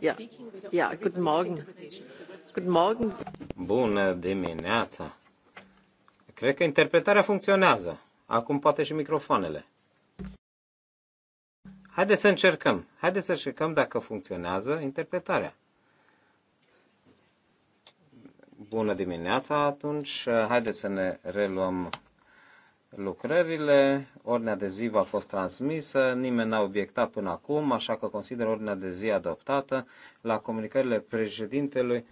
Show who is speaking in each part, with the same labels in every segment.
Speaker 1: Ja. Ja, Good morning.
Speaker 2: Bună dimineața. Cred că interpretarea funcționează. Acum poate și microfoanele. Haideți să încercăm. Haideți să încercăm dacă funcționează interpretarea. Bună dimineața atunci. Haideți să ne reluăm lucrările, ordinea de zi va fost transmisă, nimeni n-a obiectat până acum, așa că consider ordinea de zi adoptată. La comunicările președintelui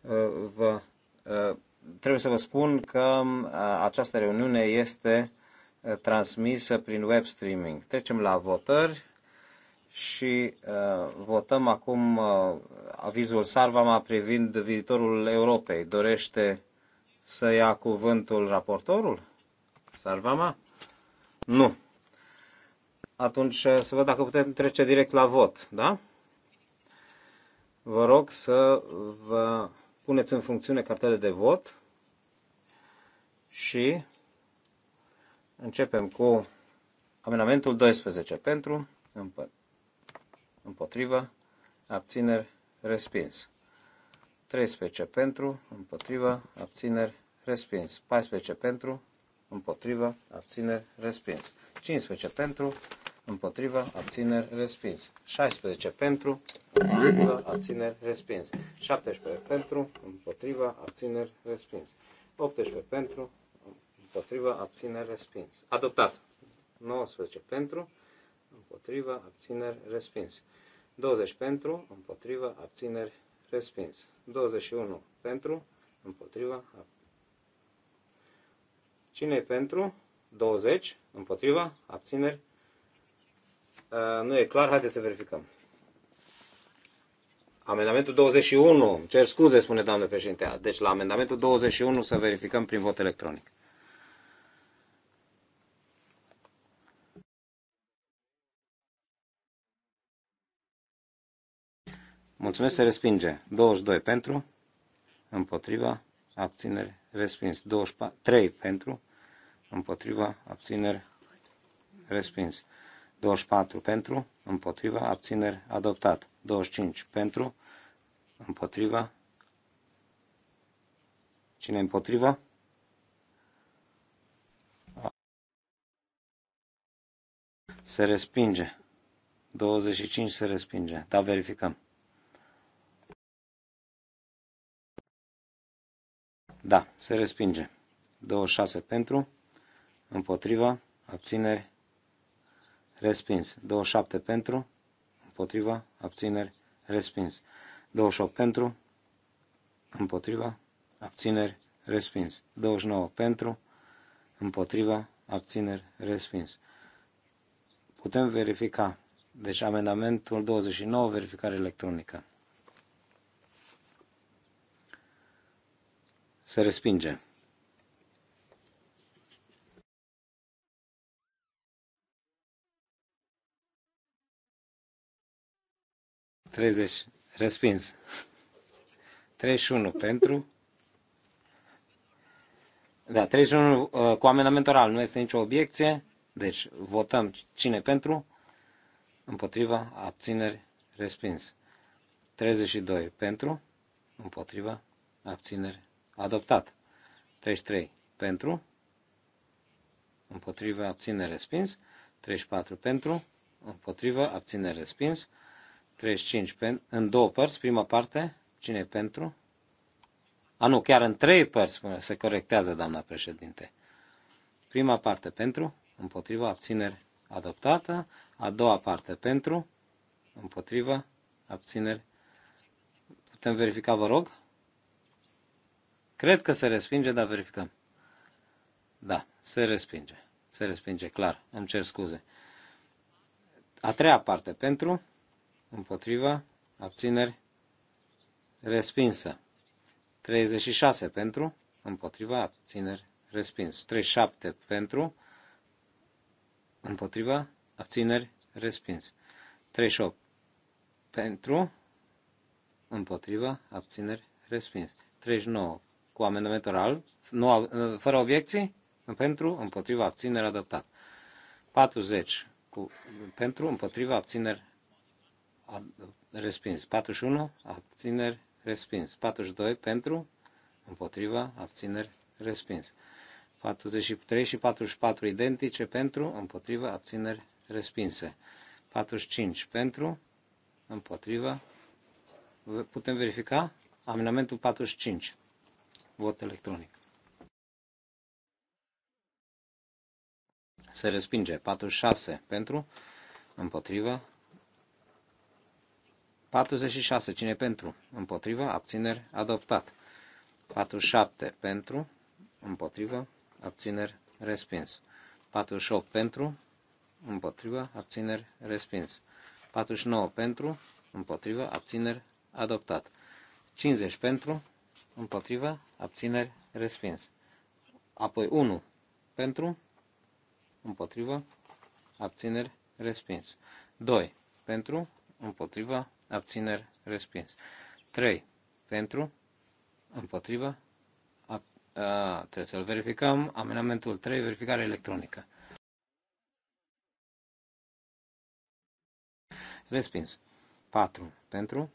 Speaker 2: uh, vă, uh, trebuie să vă spun că uh, această reuniune este transmisă prin web streaming. Trecem la votări și uh, votăm acum uh, avizul Sarvama privind viitorul Europei. Dorește să ia cuvântul raportorul? Sarvama? Nu. Atunci eh, să văd dacă putem trece direct la vot, da? Vă rog să vă puneți în funcțiune cartele de vot și începem cu amenamentul 12 pentru, împotriva, abțineri, respins. 13 pentru, împotriva, abțineri, respins. 14 pentru, împotrivă, abțineri, respins. 15 pentru, împotrivă, abțineri, respins. 16 pentru, împotrivă, abțineri, respins. 17 pentru, împotrivă, abțineri, respins. 18 pentru, împotrivă, abțineri, respins. Adoptat. 19 pentru, împotrivă, abțineri, respins. 20 pentru, împotrivă, abțineri, respins. 21 pentru, împotrivă, abțineri, Cine e pentru? 20. Împotriva? Abțineri? Nu e clar. Haideți să verificăm. Amendamentul 21. Cer scuze, spune doamne președinte. Deci la amendamentul 21 să verificăm prin vot electronic. Mulțumesc, se respinge. 22 pentru, împotriva, abțineri, respins. 23 pentru, împotriva, abțineri, respins. 24 pentru, împotriva, abțineri, adoptat. 25 pentru, împotriva, cine împotriva? Se respinge. 25 se respinge. Da, verificăm. Da, se respinge. 26 pentru, împotriva, abțineri, respins. 27 pentru, împotriva, abțineri, respins. 28 pentru, împotriva, abțineri, respins. 29 pentru, împotriva, abțineri, respins. Putem verifica. Deci amendamentul 29, verificare electronică. Se respinge. 30. Respins. 31 pentru. Da, 31 uh, cu amendament oral nu este nicio obiecție. Deci votăm cine pentru, împotriva, abțineri, respins. 32 pentru, împotriva, abțineri, adoptat. 33 pentru, împotriva, abțineri, respins. 34 pentru, împotriva, abțineri, respins. 35 pen, în două părți, prima parte, cine e pentru? A, nu, chiar în trei părți, se corectează, doamna președinte. Prima parte pentru, împotriva, abțineri, adoptată. A doua parte pentru, împotriva, abțineri. Putem verifica, vă rog? Cred că se respinge, dar verificăm. Da, se respinge. Se respinge, clar. Îmi cer scuze. A treia parte pentru, împotriva, abțineri, respinsă. 36 pentru, împotriva, abțineri, respins. 37 pentru, împotriva, abțineri, respins. 38 pentru, împotriva, abțineri, respins. 39 cu amendament oral, nu, fără obiecții, pentru, împotriva, abțineri, adoptat. 40 cu, pentru, împotriva, abțineri, respins. 41, abțineri, respins. 42, pentru, împotriva, abțineri, respins. 43 și 44 identice pentru, împotriva, abțineri, respinse. 45 pentru, împotriva, putem verifica amendamentul 45, vot electronic. Se respinge 46 pentru, împotriva, 46. Cine pentru? Împotrivă. Abțineri. Adoptat. 47. Pentru. Împotrivă. Abțineri. Respins. 48. Pentru. Împotrivă. Abțineri. Respins. 49. Pentru. Împotrivă. Abțineri. Adoptat. 50. Pentru. Împotrivă. Abțineri. Respins. Apoi 1. Pentru. Împotrivă. Abțineri. Respins. 2. Pentru. Împotrivă abțineri, respins. 3. Pentru, Împotrivă. a, a, trebuie să-l verificăm. Amenamentul 3, verificare electronică. Respins. 4. Pentru,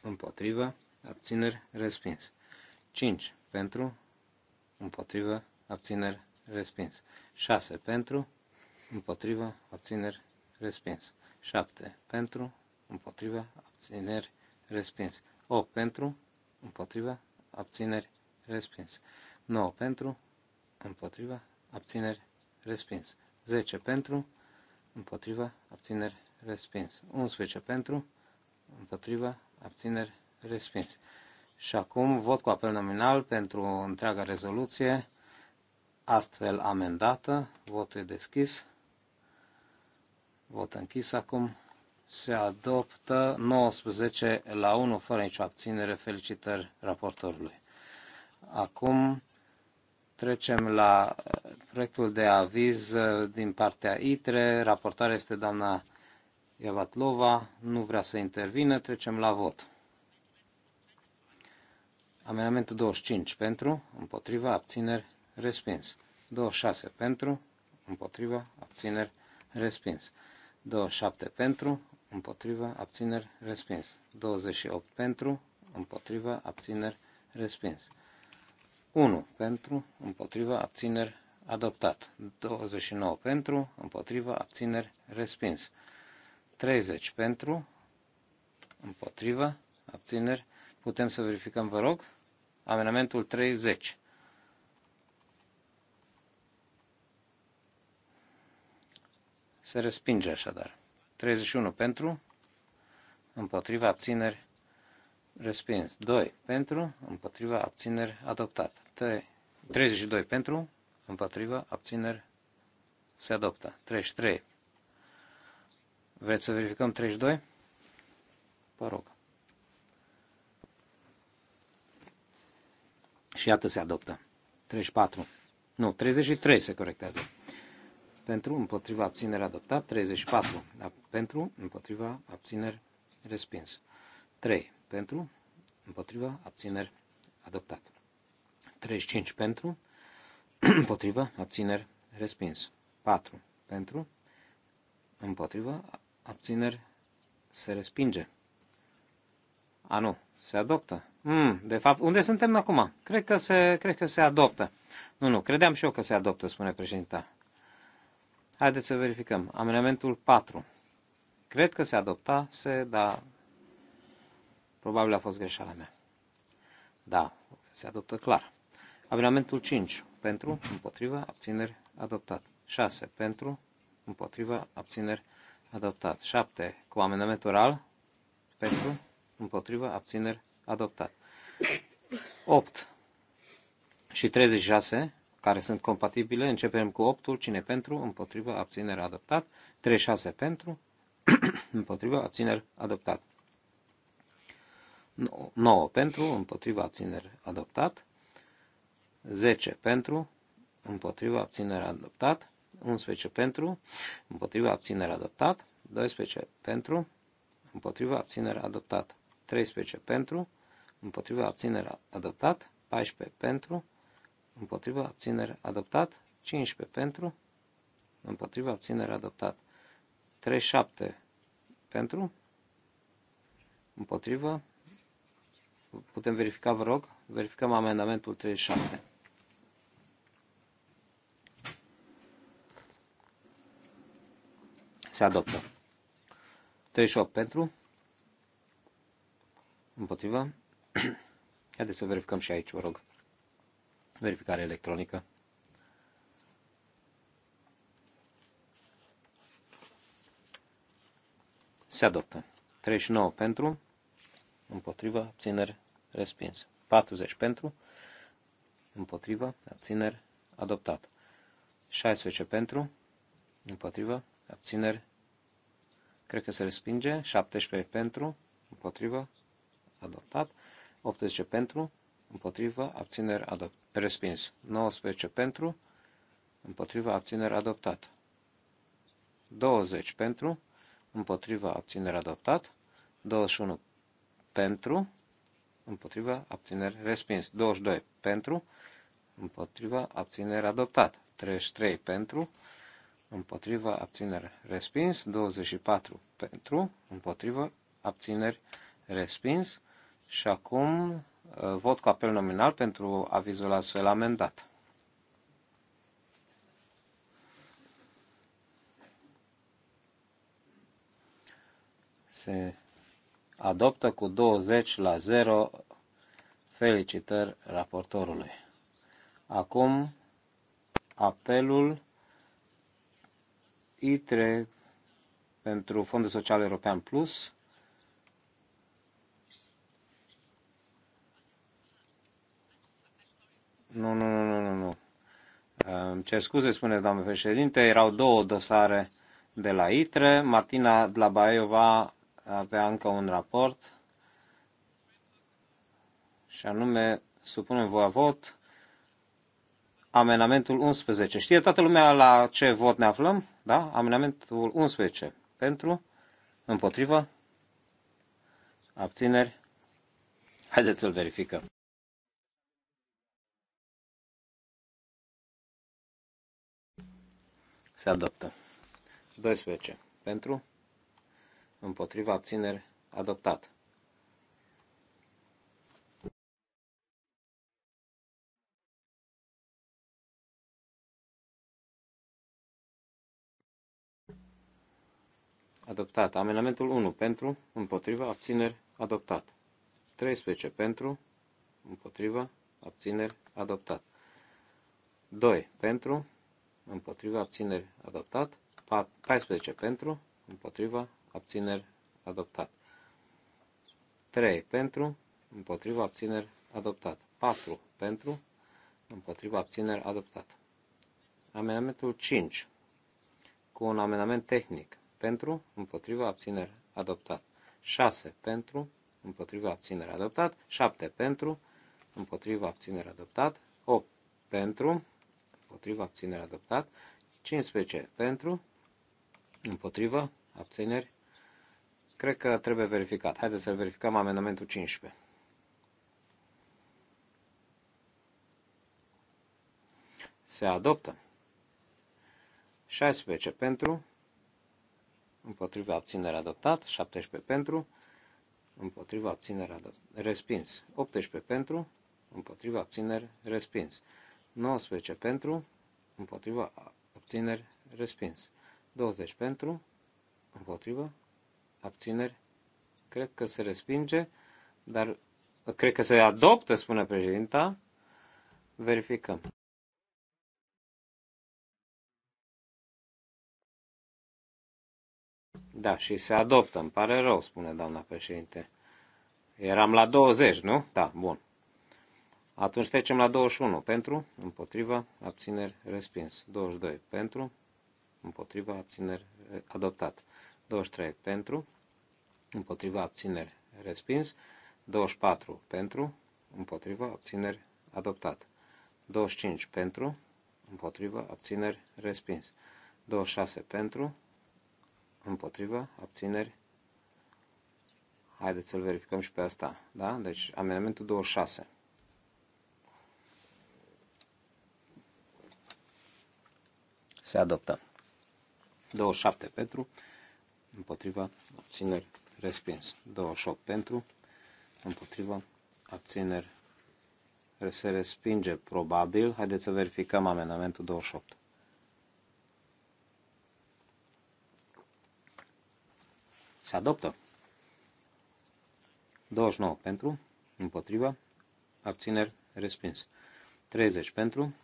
Speaker 2: Împotrivă. abțineri, respins. 5. Pentru, Împotrivă. abțineri, respins. 6. Pentru, Împotrivă. abțineri, respins. 7 pentru, împotriva, abțineri, respins. 8 pentru, împotriva, abțineri, respins. 9 pentru, împotriva, abțineri, respins. 10 pentru, împotriva, abțineri, respins. 11 pentru, împotriva, abțineri, respins. Și acum vot cu apel nominal pentru întreaga rezoluție, astfel amendată, votul e deschis. Vot închis acum. Se adoptă 19 la 1 fără nicio abținere. Felicitări raportorului. Acum trecem la uh, proiectul de aviz uh, din partea ITRE. Raportarea este doamna Iavatlova. Nu vrea să intervină. Trecem la vot. Amendamentul 25 pentru, împotriva, abțineri, respins. 26 pentru, împotriva, abțineri, respins. 27 pentru, împotrivă, abțineri, respins. 28 pentru, împotrivă, abțineri, respins. 1 pentru, împotrivă, abțineri, adoptat. 29 pentru, împotrivă, abțineri, respins. 30 pentru, împotrivă, abțineri, putem să verificăm, vă rog, amenamentul 30. Se respinge așadar. 31 pentru, împotriva abțineri, respins. 2 pentru, împotriva abțineri, adoptat. 32 pentru, împotriva abțineri, se adoptă. 33. Vreți să verificăm 32? Vă rog. Și iată se adoptă. 34. Nu, 33 se corectează pentru, împotriva, abțineri adoptat, 34 pentru, împotriva, abțineri respins, 3 pentru, împotriva, abțineri adoptat, 35 pentru, împotriva, abțineri respins, 4 pentru, împotriva, abțineri se respinge. A, nu, se adoptă. Mm, de fapt, unde suntem acum? Cred că, se, cred că se adoptă. Nu, nu, credeam și eu că se adoptă, spune președinta. Haideți să verificăm. Amendamentul 4. Cred că se adopta, se, dar probabil a fost greșeala mea. Da, se adoptă clar. Amendamentul 5. Pentru, împotrivă, abțineri, adoptat. 6. Pentru, împotrivă, abțineri, adoptat. 7. Cu amendament oral, pentru, împotrivă, abțineri, adoptat. 8 și 36 care sunt compatibile. Începem cu 8 cine pentru, împotrivă, abținere, adoptat. 36 pentru, împotrivă, abținere, adoptat. 9 pentru, împotrivă, abținere, adoptat. 10 pentru, împotrivă, abținere, adoptat. 11 pentru, împotrivă, abținere, adoptat. 12 pentru, împotrivă, abținere, adoptat. 13 pentru, împotrivă, abținere, adoptat. 14 pentru, împotriva abținere adoptat, 15 pentru, împotriva abținere adoptat, 37 pentru, împotriva, putem verifica, vă rog, verificăm amendamentul 37. Se adoptă. 38 pentru, împotriva, haideți să verificăm și aici, vă rog. Verificare electronică. Se adoptă. 39 pentru, împotrivă, abțineri, respins. 40 pentru, împotrivă, abțineri, adoptat. 16 pentru, împotrivă, abțineri, cred că se respinge, 17 pentru, împotrivă, adoptat, 18 pentru, împotrivă, abțineri adopt, respins. 19 pentru, împotrivă, abțineri adoptat. 20 pentru, împotrivă, abțineri adoptat. 21 pentru, împotrivă, abțineri respins. 22 pentru, împotrivă, abțineri adoptat. 33 pentru, împotrivă, abțineri respins. 24 pentru, împotrivă, abțineri respins. Și acum Uh, vot cu apel nominal pentru avizul astfel amendat. Se adoptă cu 20 la 0. Felicitări raportorului. Acum apelul ITRE pentru Fondul Social European Plus Nu, nu, nu, nu, nu, nu. Îmi cer scuze, spune doamnă președinte, erau două dosare de la ITRE. Martina Dlabaeva avea încă un raport și anume supunem voi vot amenamentul 11. Știe toată lumea la ce vot ne aflăm? Da? Amenamentul 11. Pentru? Împotrivă? Abțineri? Haideți să-l verificăm. se adoptă. 12. Pentru, împotriva abțineri, adoptat. Adoptat. Amenamentul 1 pentru, împotriva, abțineri, adoptat. 13 pentru, împotriva, abțineri, adoptat. 2 pentru, împotriva abțineri adoptat, 14 pentru, împotriva abțineri adoptat, 3 pentru, împotriva abțineri adoptat, 4 pentru, împotriva abțineri adoptat. Amendamentul 5 cu un amendament tehnic pentru, împotriva abțineri adoptat, 6 pentru, împotriva abțineri adoptat, 7 pentru, împotriva abțineri adoptat, 8 pentru, împotriva, abțineri adoptat. 15 pentru, împotrivă, abțineri. Cred că trebuie verificat. Haideți să verificăm amendamentul 15. Se adoptă. 16 pentru, împotriva abținere adoptat, 17 pentru, împotriva abținere adoptat, respins, 18 pentru, împotriva abținere respins, 19 pentru, împotriva, abțineri, respins. 20 pentru, împotriva, abțineri, cred că se respinge, dar cred că se adoptă, spune președinta. Verificăm. Da, și se adoptă, îmi pare rău, spune doamna președinte. Eram la 20, nu? Da, bun. Atunci trecem la 21. Pentru, împotriva, abțineri, respins. 22. Pentru, împotriva, abțineri, adoptat. 23. Pentru, împotriva, abțineri, respins. 24. Pentru, împotriva, abțineri, adoptat. 25. Pentru, împotriva, abțineri, respins. 26. Pentru, împotriva, abțineri, Haideți să-l verificăm și pe asta. Da? Deci, amendamentul 26. se adoptă. 27 pentru, împotriva, abțineri, respins. 28 pentru, împotriva, abțineri, se respinge probabil. Haideți să verificăm amendamentul 28. Se adoptă. 29 pentru, împotriva, abțineri, respins. 30 pentru,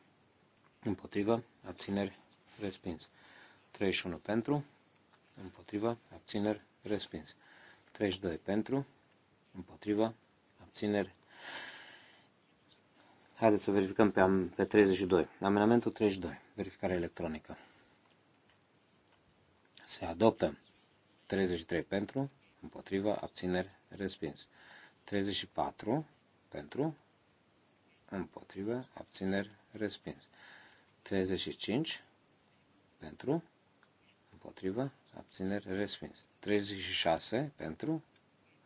Speaker 2: împotriva, abțineri, respins. 31 pentru, împotriva, abțineri, respins. 32 pentru, împotriva, abțineri. Haideți să verificăm pe, pe 32. Amendamentul 32, verificare electronică. Se adoptă 33 pentru, împotriva, abțineri, respins. 34 pentru, împotriva, abțineri, respins. 35 pentru, împotrivă, abțineri, respins. 36 pentru,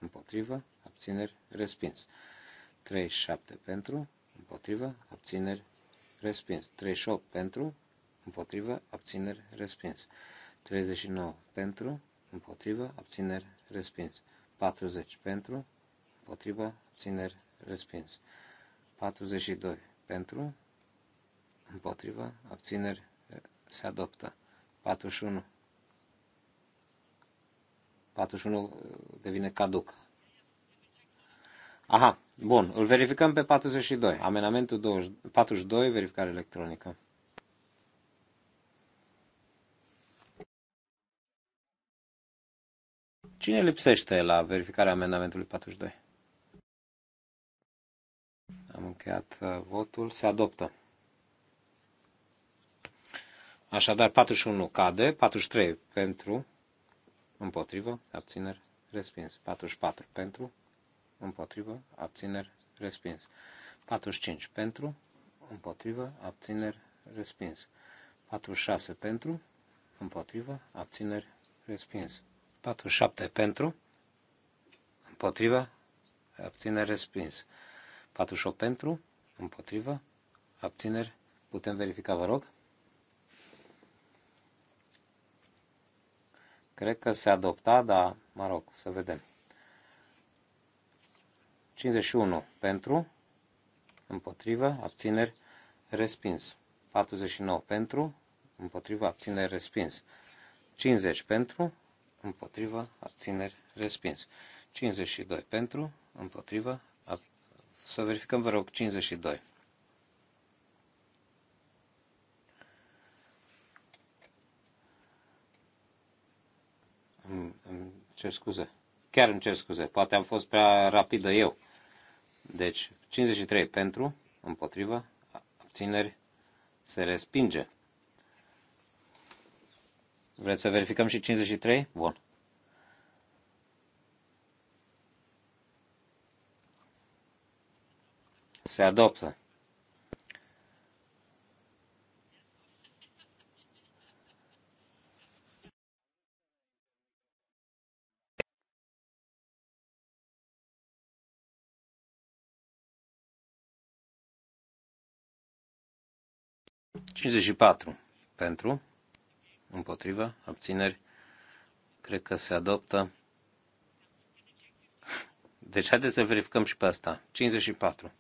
Speaker 2: împotrivă, abțineri, respins. 37 pentru, împotrivă, abțineri, respins. 38 pentru, împotrivă, abțineri, respins. 39 pentru, împotrivă, abțineri, respins. 40 pentru, împotrivă, abțineri, respins. 42 pentru, împotrivă, abțineri, se adoptă. 41. 41 uh, devine caduc. Aha, bun. Îl verificăm pe 42. Amenamentul 20, 42, verificare electronică. Cine lipsește la verificarea amendamentului 42? Am încheiat uh, votul. Se adoptă. Așadar, 41 cade, 43 pentru, împotrivă, abțineri, respins. 44 pentru, împotrivă, abțineri, respins. 45 pentru, împotrivă, abțineri, respins. 46 pentru, împotrivă, abțineri, respins. 47 pentru, împotrivă, abțineri, respins. 48 pentru, împotrivă, abțineri, putem verifica, vă rog? Cred că se adopta, dar, mă rog, să vedem. 51 pentru, împotrivă, abțineri, respins. 49 pentru, împotrivă, abțineri, respins. 50 pentru, împotrivă, abțineri, respins. 52 pentru, împotrivă, ab... să verificăm, vă rog, 52. cer scuze. Chiar îmi cer scuze. Poate am fost prea rapidă eu. Deci, 53 pentru, împotrivă, abțineri, se respinge. Vreți să verificăm și 53? Bun. Se adoptă. 54 pentru, împotrivă, abțineri, cred că se adoptă. Deci haideți să verificăm și pe asta. 54.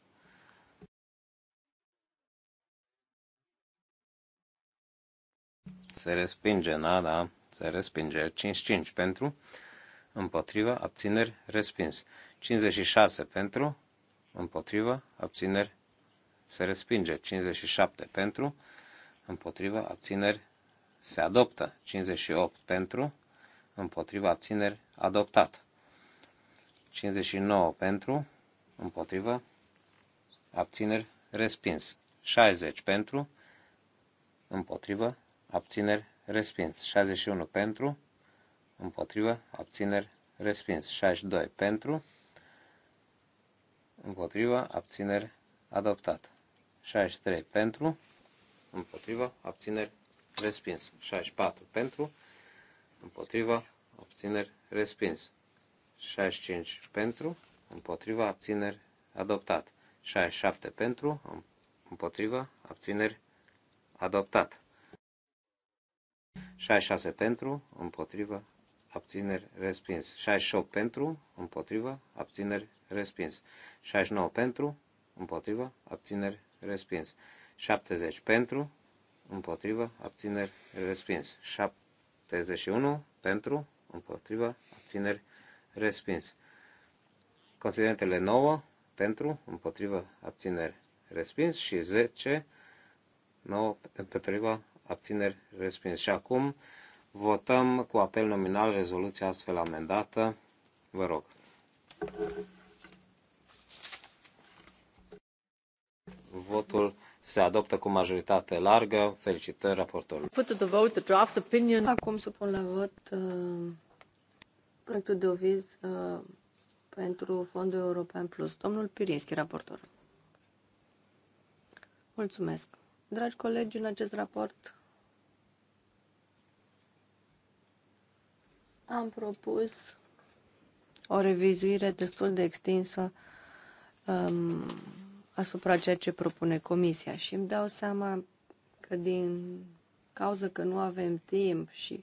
Speaker 2: Se respinge, na, da, se respinge. 55 pentru, împotrivă, abțineri, respins. 56 pentru, împotrivă, abțineri, se respinge. 57 pentru, împotriva abțineri se adoptă. 58 pentru, împotriva abțineri adoptat. 59 pentru, împotriva abțineri respins. 60 pentru, împotriva abțineri respins. 61 pentru, împotriva abțineri respins. 62 pentru, împotriva abțineri adoptat. 63 pentru, împotrivă, abțineri, respins. 64 pentru, împotrivă, abțineri, respins. 65 pentru, împotrivă, abțineri, adoptat. 67 pentru, împotrivă, abțineri, adoptat. 66 pentru, împotrivă, abțineri, respins. 68 pentru, împotrivă, abțineri, respins. 69 pentru, împotrivă, abțineri, respins. 70 pentru, împotrivă, abțineri, respins. 71 pentru, împotrivă, abțineri, respins. Considerentele 9 pentru, împotrivă, abțineri, respins și 10 9 împotrivă, abțineri, respins. Și acum votăm cu apel nominal rezoluția astfel amendată. Vă rog. Votul se adoptă cu majoritate largă. Felicitări raportorului.
Speaker 1: Put to the vote the draft opinion. Acum pun la vot uh,
Speaker 3: proiectul de oviz uh, pentru Fondul European Plus. Domnul Pirinski, raportor. Mulțumesc. Dragi colegi, în acest raport am propus o revizuire destul de extinsă um, asupra ceea ce propune comisia și îmi dau seama că din cauza că nu avem timp și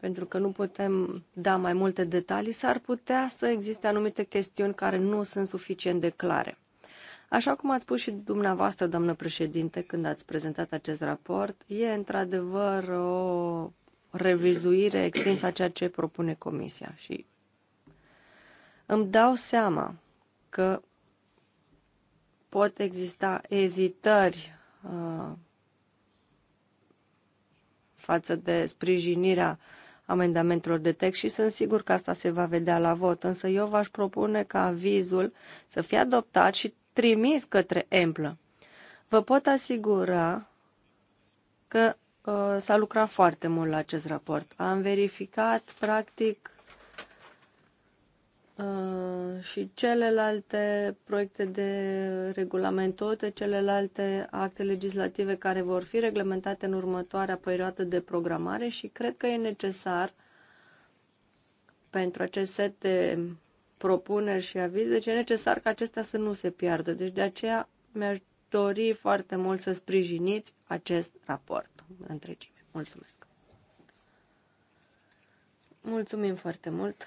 Speaker 3: pentru că nu putem da mai multe detalii, s-ar putea să existe anumite chestiuni care nu sunt suficient de clare. Așa cum ați spus și dumneavoastră, doamnă președinte, când ați prezentat acest raport, e într-adevăr o revizuire extinsă a ceea ce propune Comisia și îmi dau seama că pot exista ezitări uh, față de sprijinirea amendamentelor de text și sunt sigur că asta se va vedea la vot, însă eu v-aș propune ca avizul să fie adoptat și trimis către emplă. Vă pot asigura că uh, s-a lucrat foarte mult la acest raport. Am verificat, practic, Uh, și celelalte proiecte de regulament, toate celelalte acte legislative care vor fi reglementate în următoarea perioadă de programare și cred că e necesar pentru acest set de propuneri și avize, deci e necesar ca acestea să nu se piardă. Deci de aceea mi-aș dori foarte mult să sprijiniți acest raport întregime. Mulțumesc! Mulțumim foarte mult!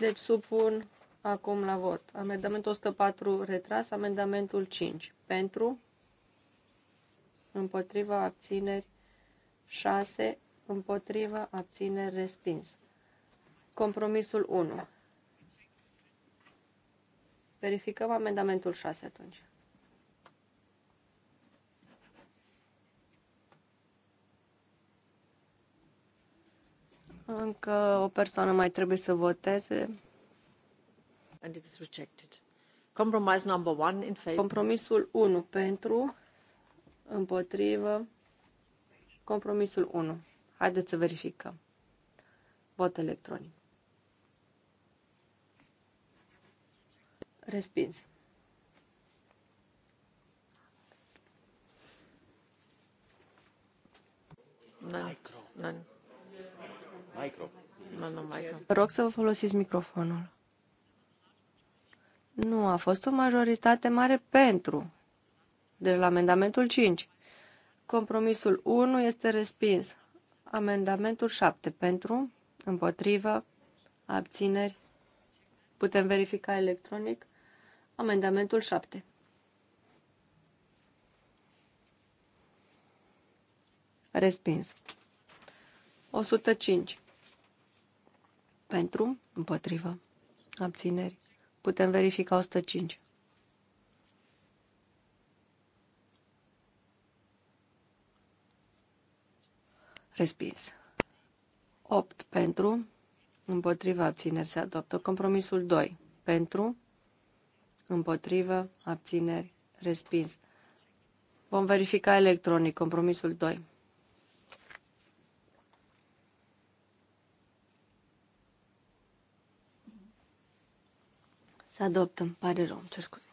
Speaker 3: Deci supun acum la vot. Amendamentul 104 retras, amendamentul 5 pentru, împotriva abțineri 6, împotriva abțineri respins. Compromisul 1. Verificăm amendamentul 6 atunci. Încă o persoană mai trebuie să voteze.
Speaker 1: And it is rejected. Compromise number one in favor. Compromisul 1 pentru, împotrivă, compromisul
Speaker 3: 1. Haideți să verificăm. Vot electronic. Respins.
Speaker 1: None. None. Micro. Nu, nu, micro.
Speaker 3: Vă rog să vă folosiți microfonul. Nu, a fost o majoritate mare pentru. Deci la amendamentul 5. Compromisul 1 este respins. Amendamentul 7 pentru, împotrivă, abțineri. Putem verifica electronic. Amendamentul 7. Respins. 105. Pentru, împotrivă, abțineri. Putem verifica 105. Respins. 8 pentru, împotrivă, abțineri se adoptă. Compromisul 2 pentru, împotrivă, abțineri, respins. Vom verifica electronic compromisul 2. Se adoptă, îmi pare rău, cer scuze.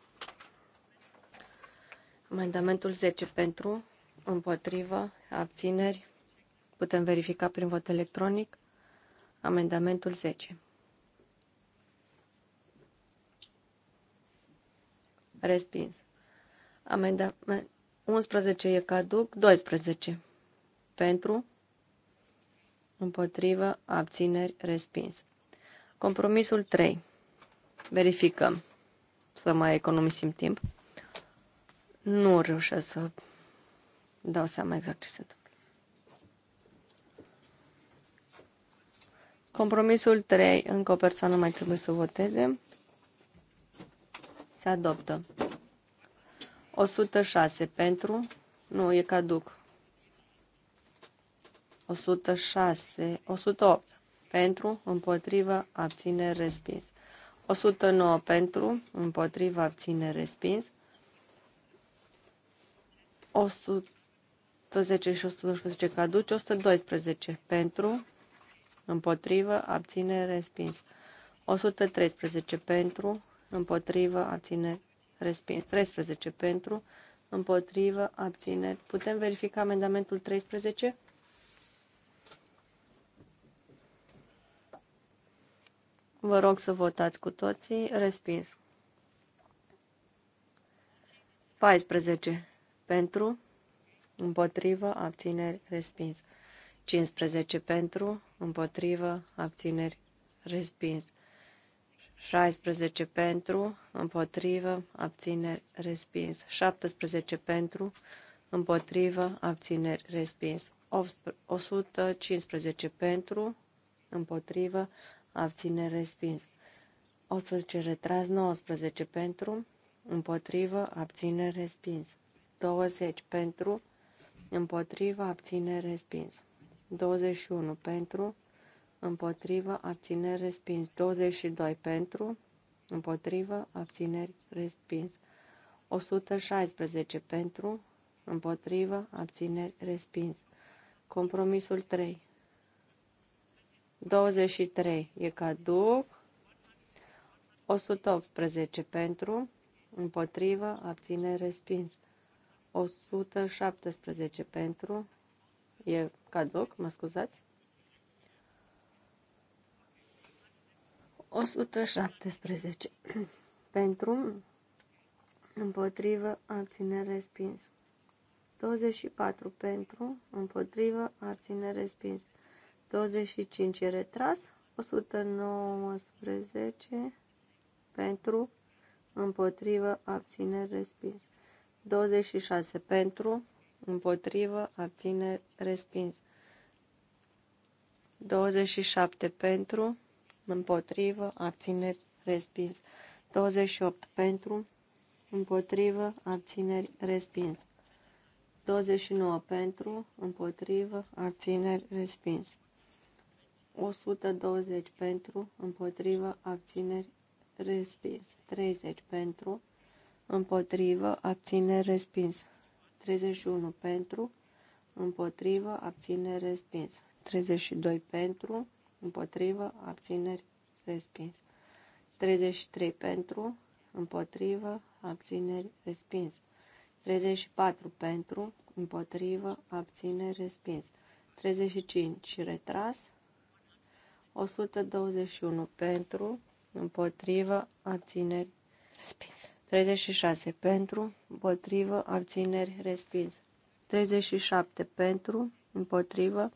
Speaker 3: Amendamentul 10 pentru, împotrivă, abțineri. Putem verifica prin vot electronic. Amendamentul 10. Respins. Amendament 11 e caduc, 12. Pentru, împotrivă, abțineri, respins. Compromisul 3. Verificăm. Să mai economisim timp. Nu reușesc să dau seama exact ce se întâmplă. Compromisul 3. Încă o persoană mai trebuie să voteze. Se adoptă. 106 pentru. Nu, e caduc. 106. 108 pentru. Împotrivă. Abține. Respins. 109 pentru, împotriva abține respins. 110 și 112 caduci, 112 pentru, împotrivă, abține respins. 113 pentru, împotrivă, abține respins. 13 pentru, împotrivă, abține. Putem verifica amendamentul 13? Vă rog să votați cu toții. Respins. 14. Pentru. Împotrivă. Abțineri. Respins. 15 pentru, împotrivă, abțineri, respins. 16 pentru, împotrivă, abțineri, respins. 17 pentru, împotrivă, abțineri, respins. 115 pentru, împotrivă, abține respins. 18 retras, 19 pentru, împotrivă, abține respins. 20 pentru, împotrivă, abține respins. 21 pentru, împotrivă, abține respins. 22 pentru, împotrivă, abțineri respins. 116 pentru, împotrivă, abțineri respins. Compromisul 3 23 e caduc. 118 pentru, împotrivă, abține, respins. 117 pentru, e caduc, mă scuzați. 117 pentru, împotrivă, abține, respins. 24 pentru, împotrivă, abține, respins. 25 retras, 119 pentru, împotrivă, abțineri, respins. 26 pentru, împotrivă, abțineri, respins. 27 pentru, împotrivă, abțineri, respins. 28 pentru, împotrivă, abțineri, respins. 29 pentru, împotrivă, abțineri, respins. 120 pentru, împotrivă, abțineri, respins. 30 pentru, împotrivă, abțineri, respins. 31 pentru, împotrivă, abțineri, respins. 32 pentru, împotrivă, abțineri, respins. 33 pentru, împotrivă, abțineri, respins. 34 pentru, împotrivă, abțineri, respins. 35 și retras, 121 pentru, împotrivă, abțineri, respins. 36 pentru, împotrivă, abțineri, respins. 37 pentru, împotrivă,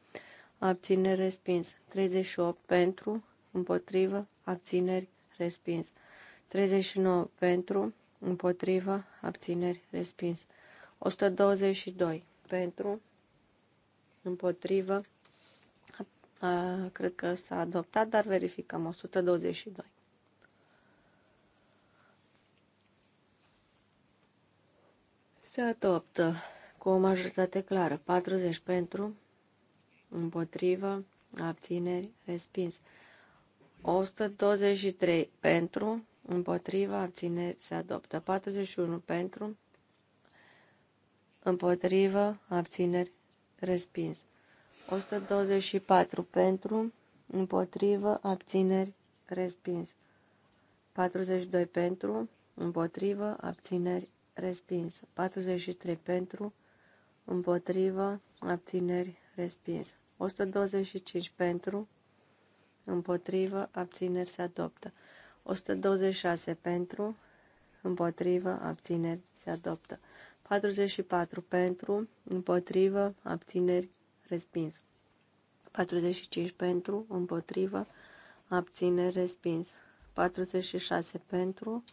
Speaker 3: abțineri, respins. 38 pentru, împotrivă, abțineri, respins. 39 pentru, împotrivă, abțineri, respins. 122 pentru, împotrivă, Uh, cred că s-a adoptat, dar verificăm. 122. Se adoptă cu o majoritate clară. 40 pentru, împotrivă, abțineri, respins. 123 pentru, împotriva, abțineri, se adoptă. 41 pentru, împotrivă, abțineri, respins. 124 pentru, împotrivă, abțineri, respins. 42 pentru, împotrivă, abțineri, respins. 43 pentru, împotrivă, abțineri, respins. 125 pentru, împotrivă, abțineri, se adoptă. 126 pentru, împotrivă, abțineri, se adoptă. 44 pentru, împotrivă, abțineri, respins. 45 pentru, împotrivă, abțineri, respins. 46 pentru,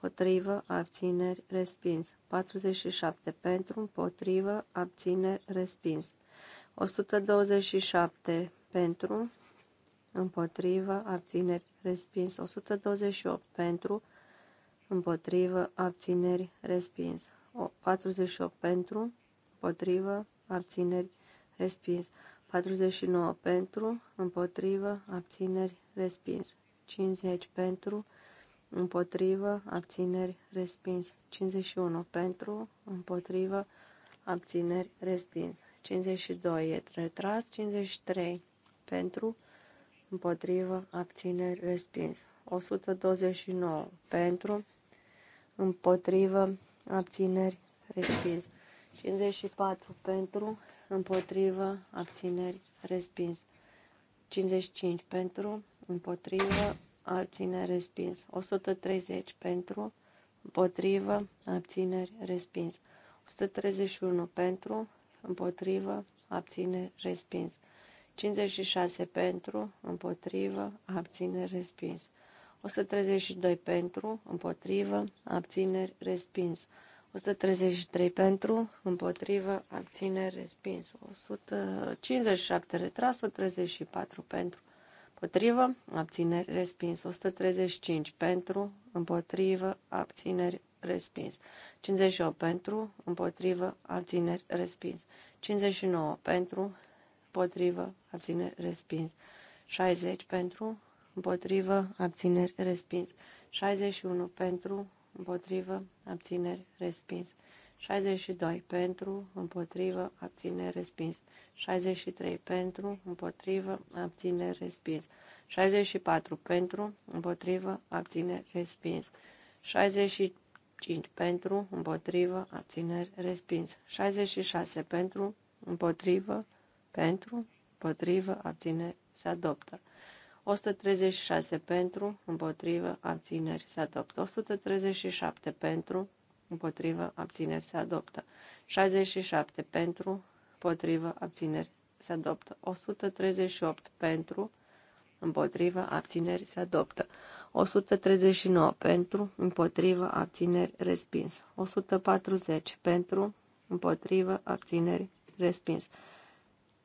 Speaker 3: împotrivă, abțineri, respins. 47 pentru, împotrivă, abțineri, respins. 127 pentru, împotrivă, abțineri, respins. 128 pentru, împotrivă, abțineri, respins. 48 pentru, împotrivă, abțineri, respins. 49 pentru, împotrivă, abțineri, respins. 50 pentru, împotrivă, abțineri, respins. 51 pentru, împotrivă, abțineri, respins. 52 e retras, 53 pentru, împotrivă, abțineri, respins. 129 pentru, împotrivă, abțineri, respins. 54 pentru, împotrivă, abțineri, respins. 55 pentru, împotrivă, abțineri, respins. 130 pentru, împotrivă, abțineri, respins. 131 pentru, împotrivă, abțineri, respins. 56 pentru, împotrivă, abțineri, respins. 132 pentru, împotrivă, abțineri, respins. 133 pentru, împotrivă, abține, respins. 157 retras, 134 pentru, împotrivă, abține, respins. 135 pentru, împotrivă, abține, respins. 58 pentru, împotrivă, abține, respins. 59 pentru, împotrivă, abține, respins. 60 pentru, împotrivă, abține, respins. 61 pentru, împotrivă, abțineri, respins. 62 pentru, împotrivă, abțineri, respins. 63 pentru, împotrivă, abțineri, respins. 64 pentru, împotrivă, abțineri, respins. 65 pentru, împotrivă, abțineri, respins. 66 pentru, împotrivă, pentru, împotrivă, abțineri, se adoptă. 136 pentru, împotrivă, abțineri se adoptă. 137 pentru, împotrivă, abțineri se adoptă. 67 pentru, împotrivă, abțineri se adoptă. 138 pentru, împotrivă, abțineri se adoptă. 139 pentru, împotrivă, abțineri respins. 140 pentru, împotrivă, abțineri respins.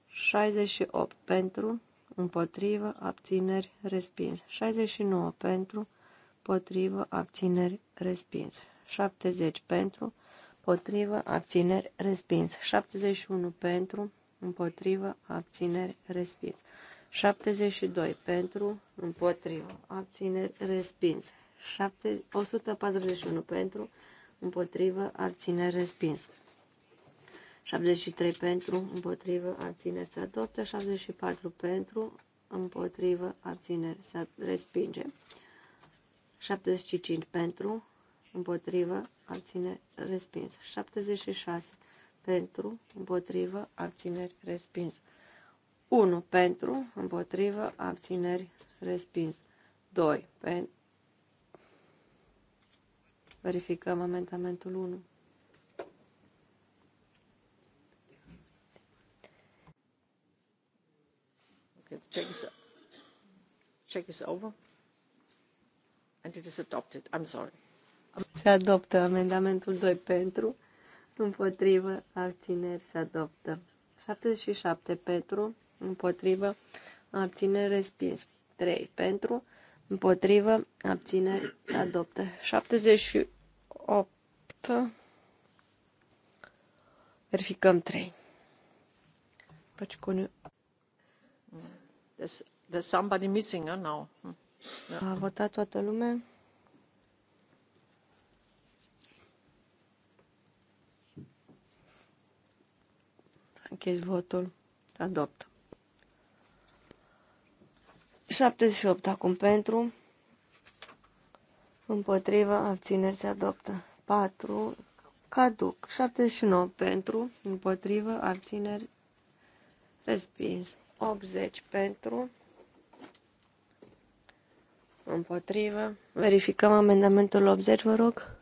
Speaker 3: 68 pentru, împotrivă, abțineri, respins. 69 pentru, potrivă, abțineri, respins. 70 pentru, potrivă, abțineri, respins. 71 pentru, împotrivă, abțineri, respins. 72 pentru, împotrivă, abțineri, respins. 141 pentru, împotrivă, abțineri, respins. 73 pentru, împotrivă, abțineri se adoptă, 74 pentru, împotrivă, abțineri se respinge, 75 pentru, împotrivă, abțineri respins, 76 pentru, împotrivă, abțineri respins, 1 pentru, împotrivă, abțineri respins, 2 pentru, verificăm amendamentul 1. se adoptă amendamentul 2 pentru împotrivă abțineri se adoptă 77 pentru împotrivă abțineri respins 3 pentru împotrivă abțineri se adoptă 78 verificăm 3 Păciconiu
Speaker 1: There's, there's somebody missing huh, now. Hmm. Yeah. A
Speaker 3: votat toată lumea? Închis votul. Adopt. 78 acum pentru. Împotrivă, abțineri se adoptă. 4, caduc. 79 pentru, împotrivă, abțineri, respins. 80 pentru, împotrivă. Verificăm amendamentul 80, vă rog.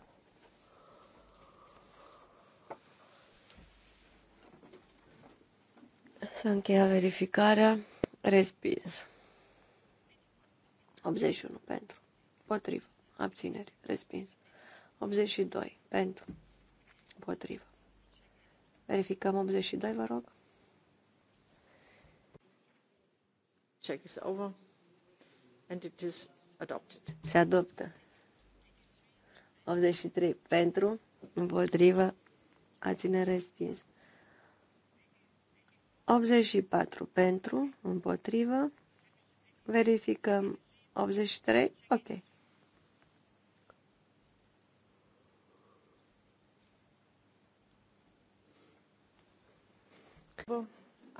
Speaker 3: S-a încheiat verificarea. Respins. 81 pentru. Potrivă. Abțineri. Respins. 82 pentru. Potrivă. Verificăm 82, vă rog.
Speaker 1: Check is over. And it is adopted.
Speaker 3: Se adoptă. 83 pentru, împotrivă, abține respins. 84 pentru, împotrivă, verificăm 83, ok.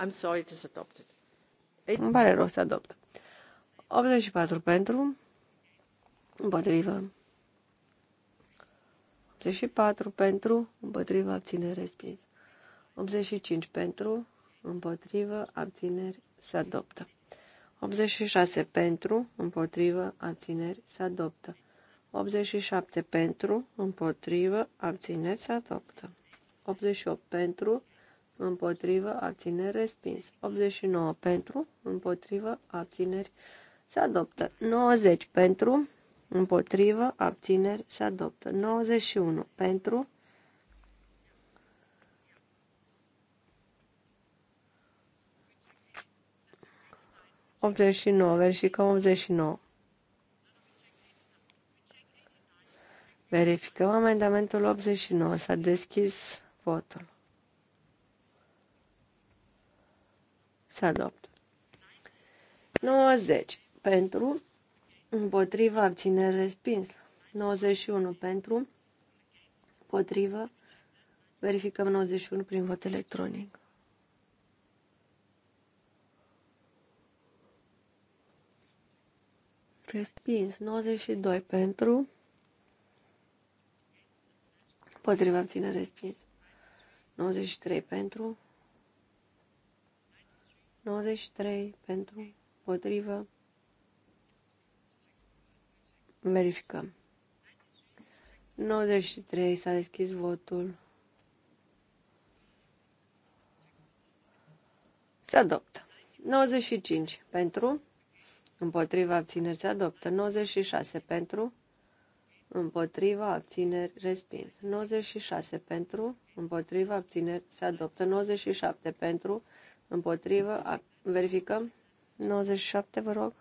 Speaker 1: I'm sorry, it is adopted.
Speaker 3: Îmi pare rău, să adopt. 84 pentru,
Speaker 2: împotrivă.
Speaker 3: 84 pentru, împotrivă, abțineri, respins. 85 pentru, împotrivă, abțineri, se adoptă. 86 pentru, împotrivă, abțineri, se adoptă. 87 pentru, împotrivă, abțineri, se adoptă. 88 pentru, împotrivă, abțineri, respins. 89 pentru, împotrivă, abțineri, se adoptă. 90 pentru, împotrivă, abțineri, se adoptă. 91 pentru, versicul 89. Verificăm amendamentul 89. S-a deschis votul. Se adoptă. 90 pentru, împotriva, abținere, respins. 91 pentru, împotrivă, verificăm 91 prin vot electronic. Respins 92 pentru, împotriva, abținere, respins. 93 pentru, 93 pentru, potrivă, verificăm. 93 s-a deschis votul. Se adoptă. 95 pentru, împotriva abțineri se adoptă. 96 pentru, împotriva abțineri respins. 96 pentru, împotriva abțineri se adoptă. 97 pentru, Împotrivă. verificăm. 97, vă rog.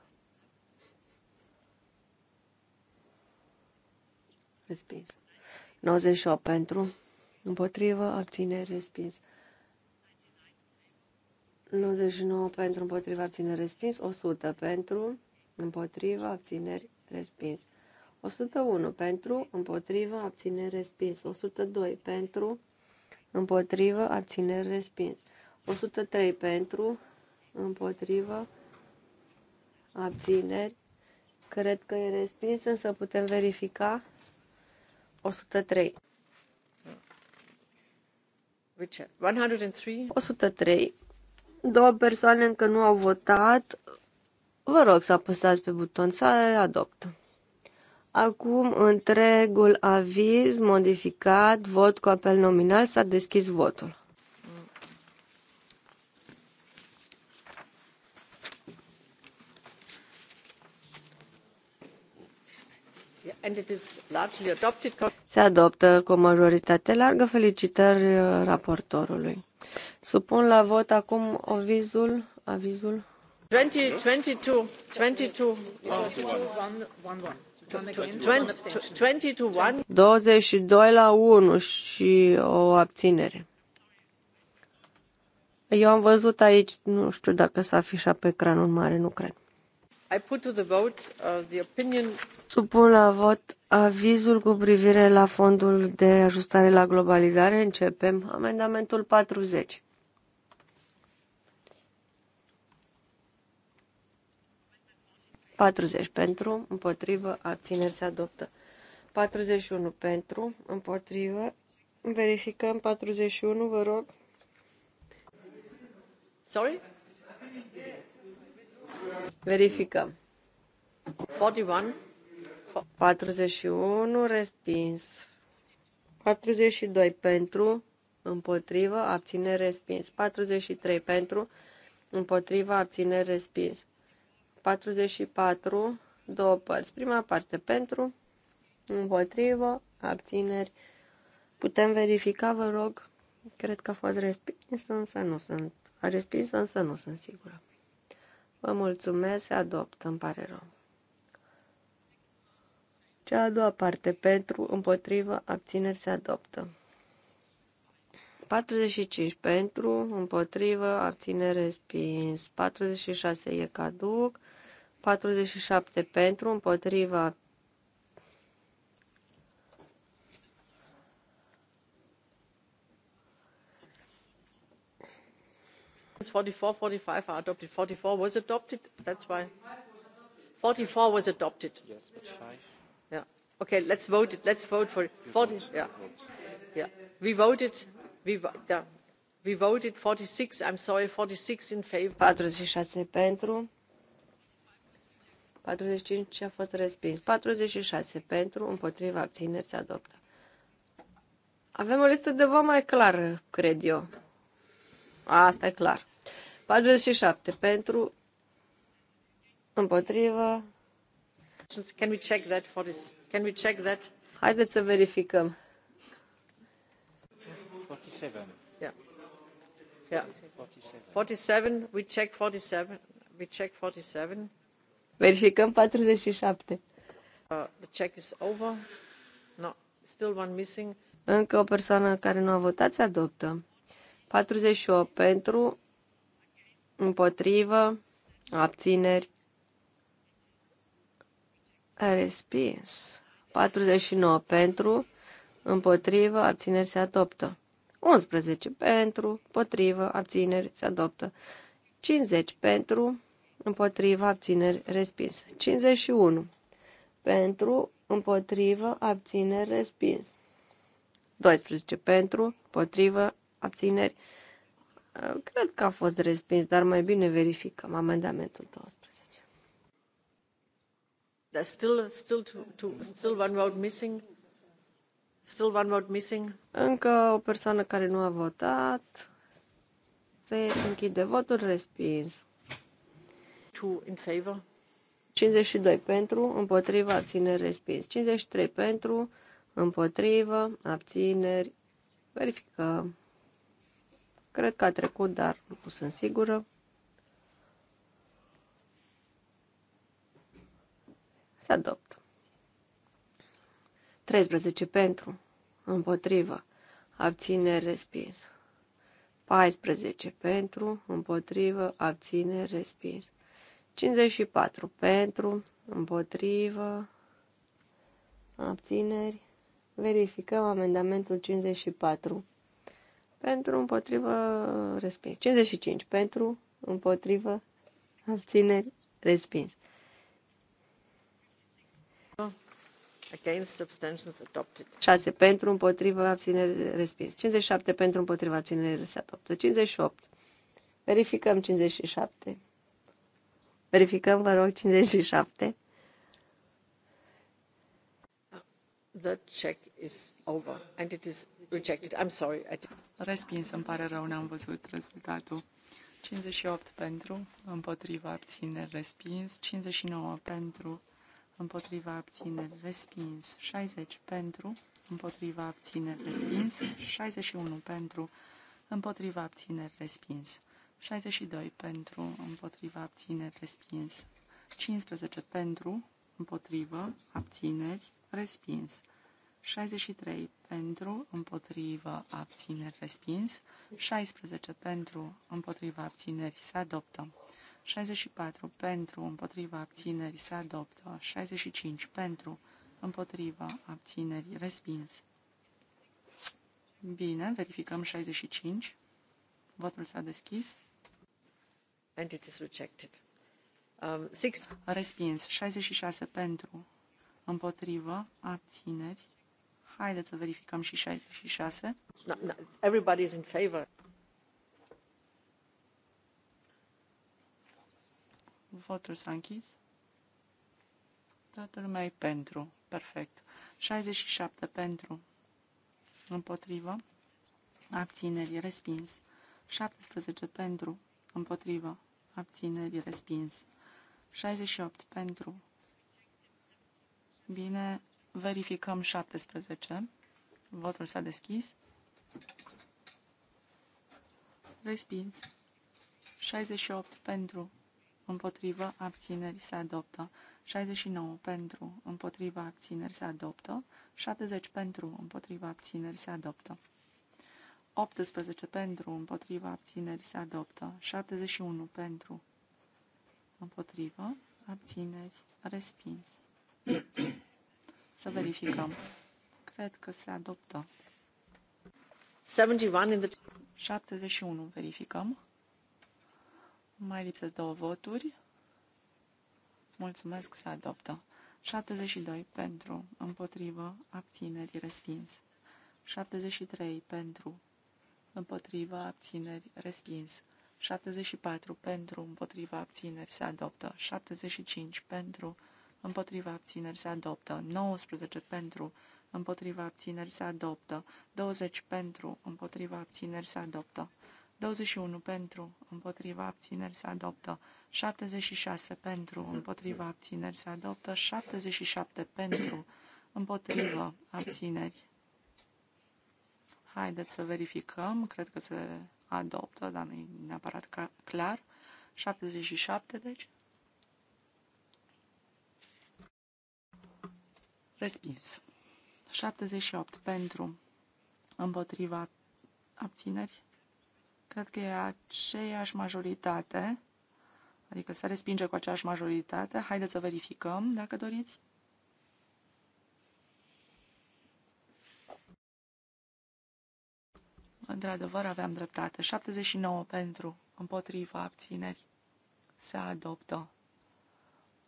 Speaker 3: Respins. 98 pentru. Împotrivă. Abține. Respins. 99 pentru împotriva abțineri respins, 100 pentru împotriva abțineri respins, 101 pentru împotriva abțineri respins, 102 pentru împotriva abțineri respins, 103 pentru, împotrivă, abțineri. Cred că e respins, însă putem verifica. 103.
Speaker 1: Richard, 103.
Speaker 3: 103. Două persoane încă nu au votat. Vă rog să apăsați pe buton să adopt. Acum întregul aviz modificat, vot cu apel nominal, s-a deschis votul. Se adoptă cu o majoritate largă. Felicitări uh, raportorului. Supun la vot acum avizul. avizul.
Speaker 1: 20, 22, 22,
Speaker 3: 22 la 1 și o abținere. Eu am văzut aici, nu știu dacă s-a afișat pe ecranul mare, nu cred.
Speaker 1: Uh,
Speaker 3: Supun la vot avizul cu privire la fondul de ajustare la globalizare. Începem amendamentul 40. 40 pentru, împotrivă, abțineri se adoptă. 41 pentru, împotrivă. Verificăm 41, vă rog. Sorry? Verificăm. 41. 41, respins. 42 pentru, împotrivă, abține, respins. 43 pentru, împotrivă, abține, respins. 44, două părți. Prima parte pentru, împotrivă, abțineri. Putem verifica, vă rog. Cred că a fost respins, însă nu sunt. A respins, însă nu sunt sigură. Vă mulțumesc, adopt, adoptă, îmi pare rău. Cea a doua parte, pentru, împotrivă, abțineri, se adoptă. 45 pentru, împotrivă, abține respins. 46 e caduc. 47 pentru, împotrivă,
Speaker 1: 44, 45 are adopted. 44 was adopted. That's why. 44 was adopted. Yes, but five. Yeah. Okay, let's vote it. Let's vote for it. 40. Yeah. Yeah. We voted. We, yeah. We voted 46. I'm sorry, 46 in favor.
Speaker 4: 46
Speaker 3: pentru. 45 a fost respins. 46 pentru, împotriva abțineri se adoptă. Avem o listă de vot mai clară, cred eu. Asta e clar. 47 pentru, împotrivă.
Speaker 1: Can we check that for this? Can we check that? Haideți să verificăm. 47. Yeah. Yeah. 47. 47. We check 47. We check 47.
Speaker 3: Verificăm 47.
Speaker 1: Uh, the check is over. No, still one missing.
Speaker 3: Încă o persoană care nu a votat se adoptă. 48 pentru, împotrivă, abțineri, respins. 49 pentru, împotrivă, abțineri se adoptă. 11 pentru, împotrivă, abțineri se adoptă. 50 pentru, împotrivă, abțineri, respins. 51 pentru, împotrivă, abțineri, respins. 12 pentru, împotrivă, abțineri, respins. Uh, cred că a fost respins, dar mai bine verificăm amendamentul 12.
Speaker 1: There's still, still, to, to, still one vote missing. Still one vote missing.
Speaker 3: Încă o persoană care nu a votat. Se închide votul respins.
Speaker 1: Two in favor.
Speaker 3: 52 pentru, împotriva, abțineri, respins. 53 pentru, împotriva, abțineri, verificăm. Cred că a trecut, dar nu sunt sigură. Se adoptă. 13 pentru, împotrivă, abține respins. 14 pentru, împotrivă, abține respins. 54 pentru, împotrivă, abțineri. Verificăm amendamentul 54. Pentru împotrivă respins. 55 pentru împotrivă abțineri respins.
Speaker 1: Against adopted.
Speaker 3: 6 pentru împotrivă abțineri respins. 57 pentru împotrivă abțineri se adoptă. 58. Verificăm 57. Verificăm, vă rog, 57.
Speaker 1: The check is over and it is Respins, îmi pare rău, n-am văzut
Speaker 5: rezultatul.
Speaker 1: 58 pentru,
Speaker 5: împotriva abțineri respins, 59 pentru, împotriva abțineri respins, 60 pentru, împotriva abțineri respins, 61 pentru, împotriva abțineri respins, 62 pentru, împotriva abțineri respins, 15 pentru, împotriva abțineri, respins, 63 pentru, împotrivă, abțineri, respins. 16 pentru, împotrivă, abțineri, se adoptă. 64 pentru, împotrivă, abțineri, se adoptă. 65 pentru, împotrivă, abțineri, respins. Bine, verificăm 65. Votul s-a deschis. And it is rejected. Um, six... Respins. 66 pentru, împotrivă, abțineri, Haideți să verificăm și 66. No, no,
Speaker 1: everybody is in favor.
Speaker 5: Votul s-a închis. Toată lumea e pentru. Perfect. 67 pentru. Împotrivă. Abțineri. Respins. 17 pentru. Împotrivă. Abțineri. Respins. 68 pentru. Bine, Verificăm 17. Votul s-a deschis. Respins. 68 pentru, împotrivă, abțineri se adoptă. 69 pentru, împotrivă, abțineri se adoptă. 70 pentru, împotrivă, abțineri se adoptă. 18 pentru, împotrivă, abțineri se adoptă. 71 pentru, împotrivă, abțineri, respins. Să verificăm. Cred că se adoptă. 71 71 verificăm. Mai lipsesc două voturi. Mulțumesc, se adoptă. 72 pentru, împotrivă, abțineri, respins. 73 pentru, împotrivă, abțineri, respins. 74 pentru, împotrivă, abțineri se adoptă, 75 pentru, împotriva abțineri se adoptă, 19 pentru, împotriva abțineri se adoptă, 20 pentru, împotriva abțineri se adoptă, 21 pentru, împotriva abțineri se adoptă, 76 pentru, împotriva abțineri se adoptă, 77 pentru, împotriva abțineri. Haideți să verificăm, cred că se adoptă, dar nu e neapărat clar. 77, deci. Respins. 78 pentru. Împotriva abțineri. Cred că e aceeași majoritate. Adică se respinge cu aceeași majoritate. Haideți să verificăm dacă doriți. Într-adevăr, aveam dreptate. 79 pentru, împotriva abțineri. Se adoptă.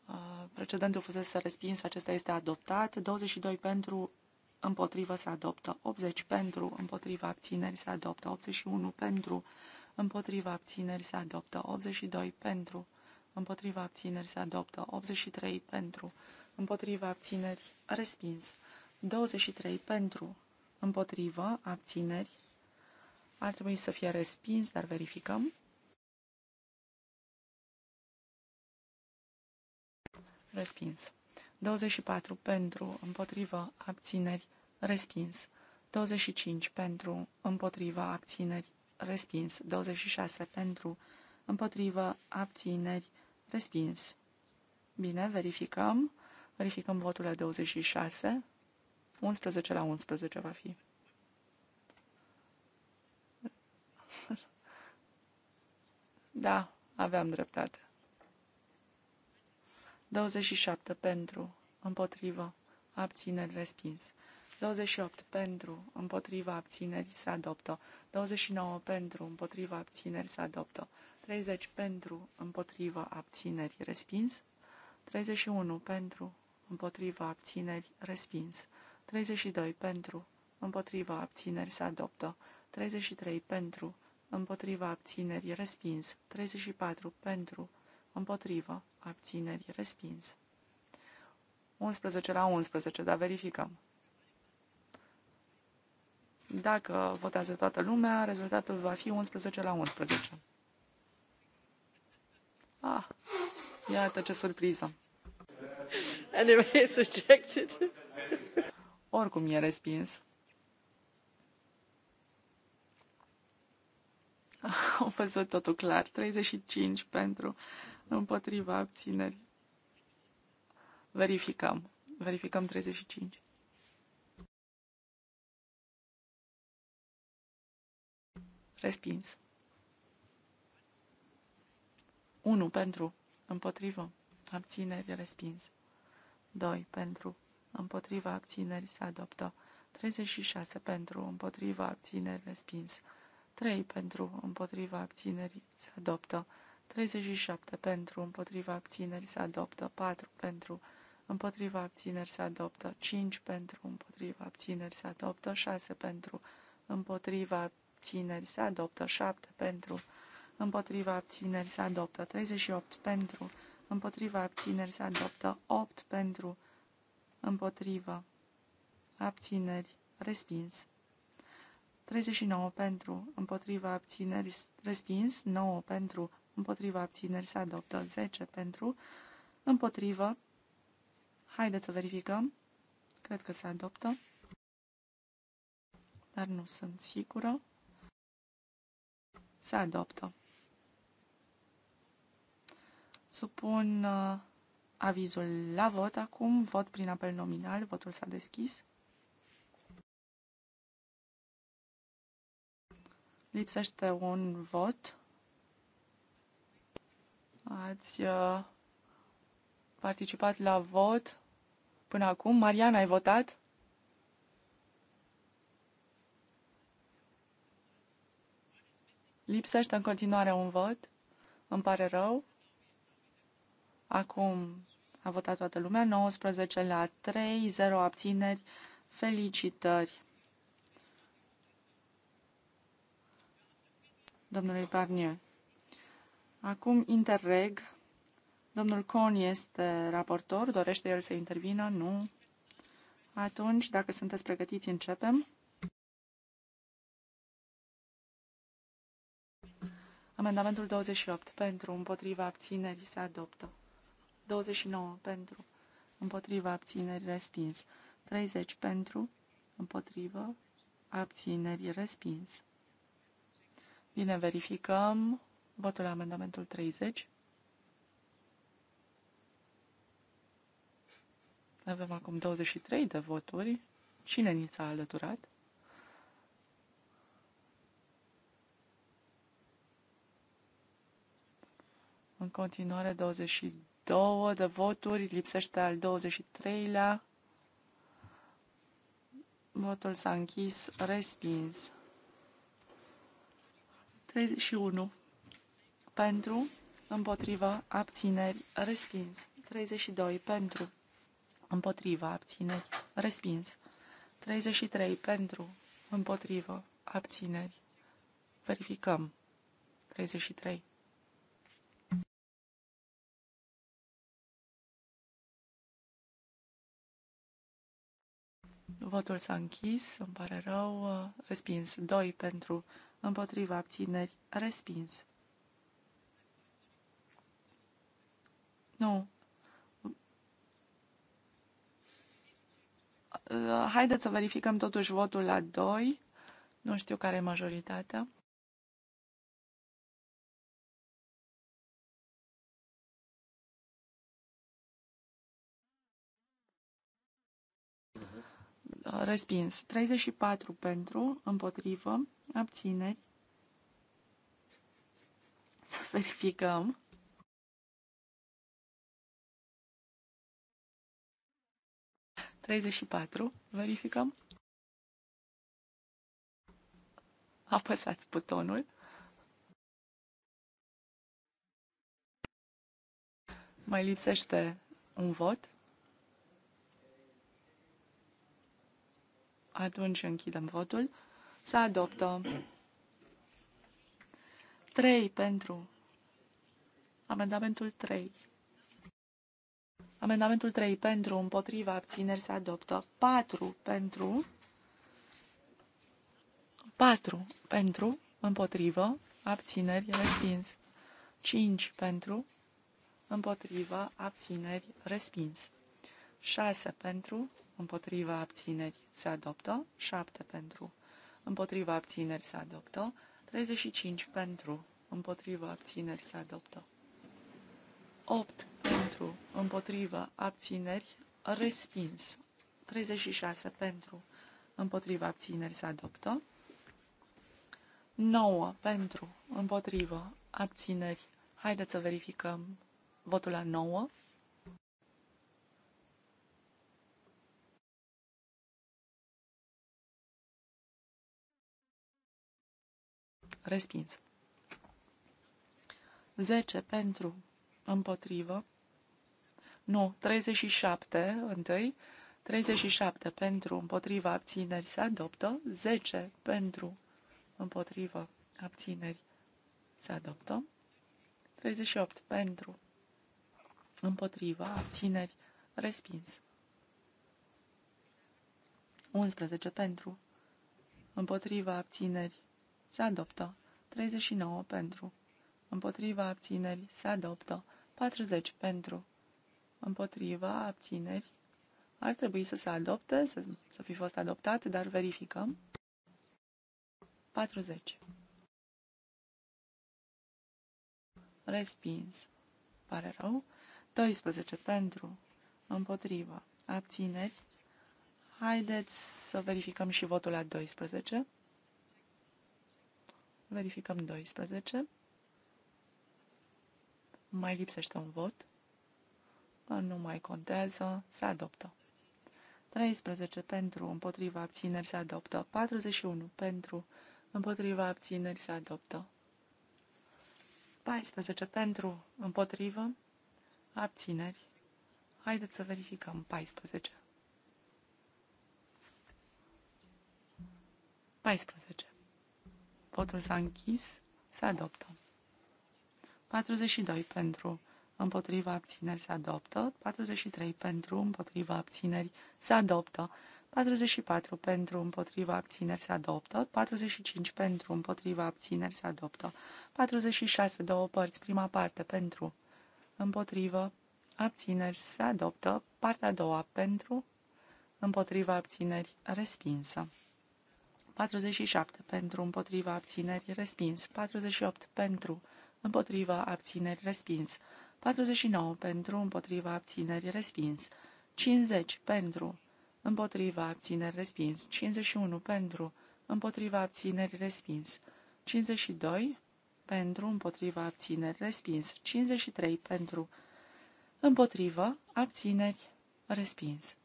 Speaker 5: Uh, precedentul fusese respins, acesta este adoptat. 22 pentru, împotrivă se adoptă. 80 pentru, împotriva abțineri se adoptă. 81 pentru, împotriva abțineri se adoptă. 82 pentru, împotriva abțineri se adoptă. 83 pentru, împotriva abțineri respins. 23 pentru, împotrivă abțineri
Speaker 4: ar trebui să fie respins, dar verificăm. respins. 24 pentru,
Speaker 5: împotrivă, abțineri, respins. 25 pentru, împotrivă, abțineri, respins. 26 pentru, împotrivă, abțineri, respins. Bine, verificăm. Verificăm votul la 26. 11 la 11 va fi. Da, aveam dreptate. 27 pentru, împotrivă, abțineri respins. 28 pentru, împotriva abțineri se adoptă. 29 pentru, împotriva abțineri se adoptă. 30 pentru, împotriva abțineri respins. 31 pentru, împotriva abțineri respins. 32 pentru, împotriva abțineri se adoptă. 33 pentru, împotriva abțineri respins. 34 pentru, Împotrivă. Abțineri. Respins. 11 la 11, dar verificăm. Dacă votează toată lumea, rezultatul va fi 11 la 11. Ah, iată ce surpriză. Anyway, it's rejected. Oricum e respins. Am văzut totul clar. 35 pentru
Speaker 4: împotriva abținerii. Verificăm. Verificăm 35. Respins. 1
Speaker 5: pentru, împotrivă, abțineri, respins. 2 pentru, împotriva abțineri se adoptă. 36 pentru, împotriva abțineri, respins. 3 pentru, împotriva abțineri se adoptă. 37 pentru, împotriva abțineri se adoptă, 4 pentru, împotriva abțineri se adoptă, 5 pentru, împotriva abțineri se adoptă, 6 pentru, împotriva abțineri se adoptă, 7 pentru, împotriva abțineri se adoptă, 38 pentru, împotriva abțineri se adoptă, 8 pentru, împotriva abțineri respins. 39 pentru, împotriva abțineri respins, 9 pentru, împotriva abțineri se adoptă, 10 pentru, împotrivă, haideți să verificăm, cred că se adoptă, dar nu sunt sigură,
Speaker 4: se adoptă.
Speaker 5: Supun uh, avizul la vot acum, vot prin apel nominal, votul s-a deschis. Lipsește un vot. Ați uh, participat la vot până acum. Mariana, ai votat? Lipsește în continuare un vot. Îmi pare rău. Acum a votat toată lumea. 19 la 3, 0 abțineri. Felicitări! Domnului Barnier. Acum Interreg. Domnul Con este raportor. Dorește el să intervină? Nu. Atunci, dacă sunteți pregătiți, începem. Amendamentul 28. Pentru, împotriva, abțineri, se adoptă. 29. Pentru, împotriva, abțineri, respins. 30. Pentru, împotriva, abțineri, respins. Bine, verificăm. Votul la amendamentul 30. Avem acum 23 de voturi. Cine ni s-a alăturat? În continuare, 22 de voturi. Lipsește al 23-lea. Votul s-a închis. Respins. 31 pentru, împotrivă, abțineri, respins. 32 pentru, împotrivă, abțineri, respins. 33 pentru, împotrivă, abțineri.
Speaker 4: Verificăm. 33. Votul s-a închis, îmi pare rău, respins. 2 pentru,
Speaker 5: împotriva abțineri, respins. Nu. Uh,
Speaker 4: haideți să verificăm totuși votul la 2. Nu știu care e majoritatea. Uh, respins. 34 pentru, împotrivă,
Speaker 5: abțineri.
Speaker 4: Să verificăm. 34. Verificăm. Apăsați butonul.
Speaker 5: Mai lipsește un vot. Atunci închidem votul. Să adoptă 3 pentru amendamentul 3. Amendamentul 3 pentru, împotriva, abțineri se adoptă. 4 pentru, 4 pentru, împotrivă, abțineri, respins. 5 pentru, împotriva, abțineri, respins. 6 pentru, împotriva, abțineri, se adoptă. 7 pentru, împotriva, abțineri, se adoptă. 35 pentru, împotriva, abțineri, se adoptă. 8 pentru pentru, împotrivă, abțineri, respins. 36 pentru, împotrivă, abțineri, se adoptă. 9 pentru, împotrivă, abțineri. Haideți să verificăm
Speaker 4: votul la 9. Respins. 10 pentru,
Speaker 5: împotrivă, nu, 37 întâi. 37 pentru împotriva abțineri se adoptă, 10 pentru împotriva abțineri se adoptă, 38 pentru împotriva abțineri respins, 11 pentru împotriva abțineri se adoptă, 39 pentru împotriva abțineri se adoptă, 40 pentru împotriva, abțineri. Ar trebui să se adopte, să, să fi fost adoptat, dar verificăm. 40. Respins. Pare rău. 12 pentru, împotriva, abțineri. Haideți să verificăm și votul la 12. Verificăm 12. Mai lipsește un vot nu mai contează, se adoptă. 13 pentru, împotriva abțineri se adoptă. 41 pentru, împotriva abțineri se adoptă. 14 pentru, împotrivă, abțineri. Haideți să verificăm 14. 14. Votul s-a închis, se adoptă. 42 pentru, împotriva abțineri se adoptă, 43 pentru, împotriva abțineri se adoptă, 44 pentru, împotriva abțineri se adoptă, 45 pentru, împotriva abțineri se adoptă, 46 două părți, prima parte pentru, împotriva abțineri se adoptă, partea a doua pentru, împotriva abțineri respinsă. 47 pentru, împotriva abțineri respins, 48 pentru, împotriva abțineri respins, 49 pentru, împotriva abțineri, respins. 50 pentru, împotriva abțineri, respins. 51 pentru, împotriva abțineri, respins. 52 pentru, împotriva abțineri, respins. 53 pentru, împotriva abțineri, respins.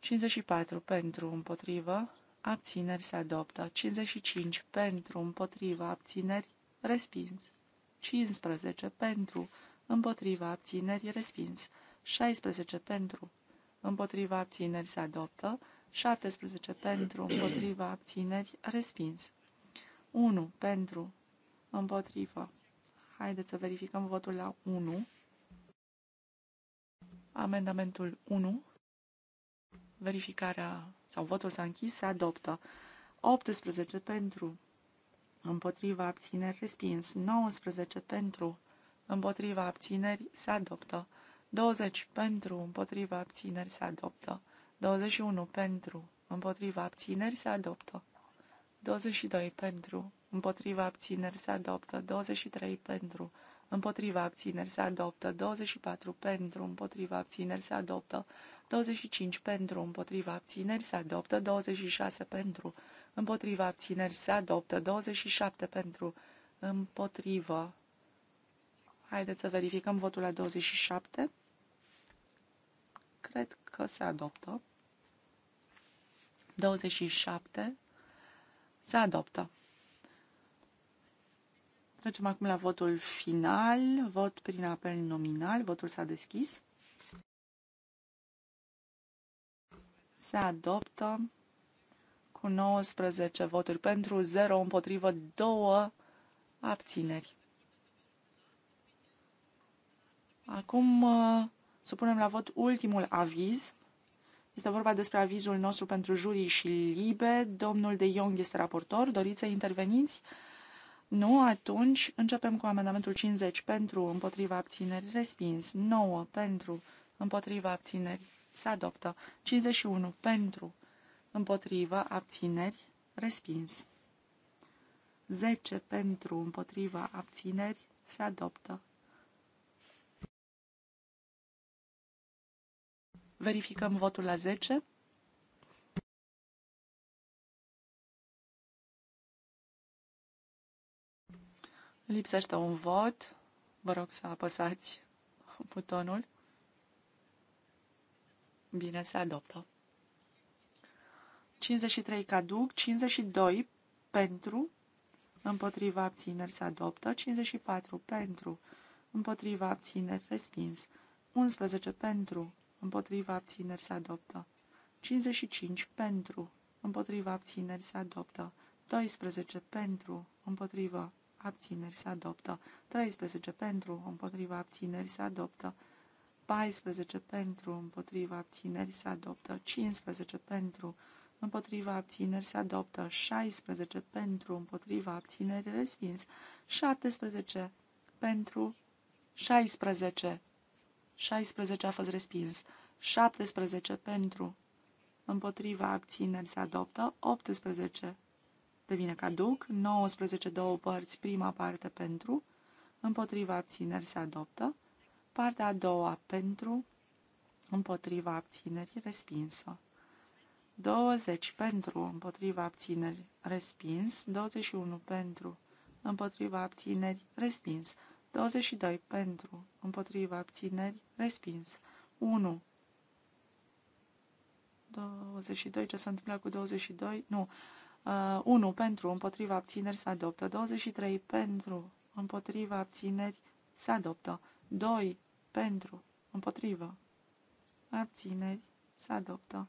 Speaker 5: 54 pentru, împotriva abțineri, se adoptă. 55 pentru, împotriva abțineri, respins. 15 pentru, împotriva abțineri respins, 16 pentru, împotriva abțineri se adoptă, 17 pentru, împotriva abțineri respins, 1 pentru, împotriva. Haideți să verificăm votul la 1. Amendamentul 1. Verificarea sau votul s-a închis, se adoptă. 18 pentru, împotriva abțineri respins, 19 pentru, împotriva abțineri se adoptă. 20 pentru, împotriva abțineri se adoptă. 21 pentru, împotriva abțineri se adoptă. 22 pentru, împotriva abțineri se adoptă. 23 pentru, împotriva abțineri se adoptă. 24 pentru, împotriva abțineri se adoptă. 25 pentru, împotriva abțineri se adoptă. 26 pentru, împotriva abțineri se adoptă. 27 pentru, împotriva Haideți să verificăm votul la 27. Cred că se adoptă. 27. Se adoptă. Trecem acum la votul final, vot prin apel nominal, votul s-a deschis. Se adoptă cu 19 voturi pentru, 0 împotrivă, 2 abțineri. Acum supunem la vot ultimul aviz. Este vorba despre avizul nostru pentru jurii și libe. Domnul de Iong este raportor. Doriți să interveniți? Nu, atunci începem cu amendamentul 50 pentru împotriva abțineri respins, 9 pentru împotriva abțineri se adoptă, 51 pentru împotriva abțineri respins, 10 pentru împotriva abțineri se adoptă,
Speaker 4: Verificăm votul la 10. Lipsește un vot. Vă rog să apăsați
Speaker 5: butonul. Bine, se adoptă. 53 caduc, 52 pentru, împotriva abțineri se adoptă, 54 pentru, împotriva abțineri respins, 11 pentru, împotriva abțineri se adoptă. 55 pentru, împotriva abțineri se adoptă. 12 pentru, împotriva abțineri se adoptă. 13 pentru, împotriva abțineri se adoptă. 14 pentru, împotriva abțineri se adoptă. 15 pentru, împotriva abțineri se adoptă. 16 pentru, împotriva abțineri respins. 17 pentru, 16 16 a fost respins, 17 pentru, împotriva abțineri se adoptă, 18 devine caduc, 19 două părți, prima parte pentru, împotriva abțineri se adoptă, partea a doua pentru, împotriva abținerii respinsă. 20 pentru, împotriva abțineri respins, 21 pentru, împotriva abțineri respins, 22 pentru, împotriva abțineri, respins. 1. 22, ce se întâmplă cu 22? Nu. Uh, 1 pentru, împotriva abțineri, se adoptă. 23 pentru, împotriva abțineri, se adoptă. 2 pentru, împotriva abțineri, se adoptă.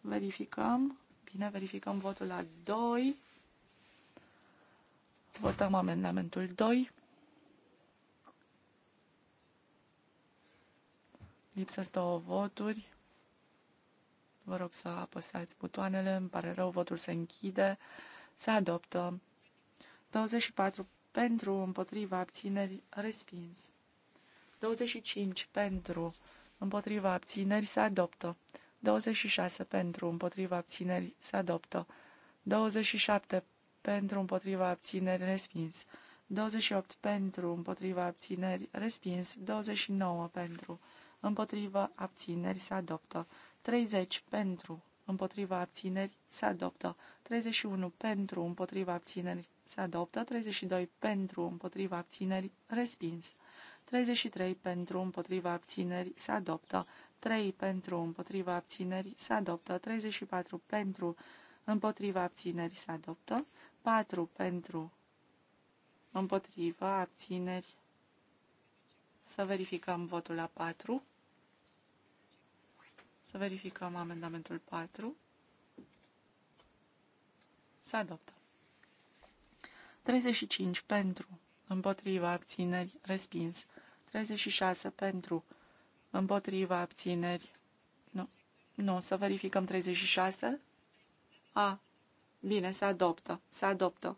Speaker 5: Verificăm. Bine, verificăm votul la 2. Votăm amendamentul 2. Lipsesc două voturi. Vă rog să apăsați butoanele. Îmi pare rău, votul se închide. Se adoptă. 24 pentru, împotriva, abțineri, respins. 25 pentru, împotriva, abțineri, se adoptă. 26 pentru, împotriva, abțineri, se adoptă. 27 pentru, împotriva, abțineri, respins. 28 pentru, împotriva, abțineri, respins. 29 pentru, împotrivă, abțineri, se adoptă. 30 pentru, împotriva abțineri, se adoptă. 31 pentru, împotriva abțineri, se adoptă. 32 pentru, împotriva abțineri, respins. 33 pentru, împotriva abțineri, se adoptă. 3 pentru, împotriva abțineri, se adoptă. 34 pentru, împotriva abțineri, se adoptă. 4 pentru, împotriva abțineri, să verificăm votul la 4. Să verificăm amendamentul 4. Se adoptă. 35 pentru, împotriva abțineri, respins. 36 pentru, împotriva abțineri. Nu, nu, să verificăm 36. A, bine, se adoptă, se adoptă.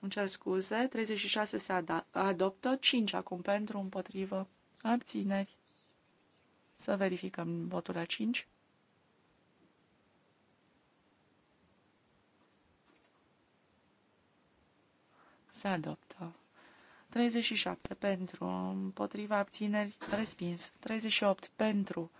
Speaker 5: Îmi cer scuze, 36 se adoptă, 5 acum pentru, împotriva abțineri. Să verificăm votul la 5. Se adoptă. 37 pentru, împotriva abțineri, respins. 38 pentru,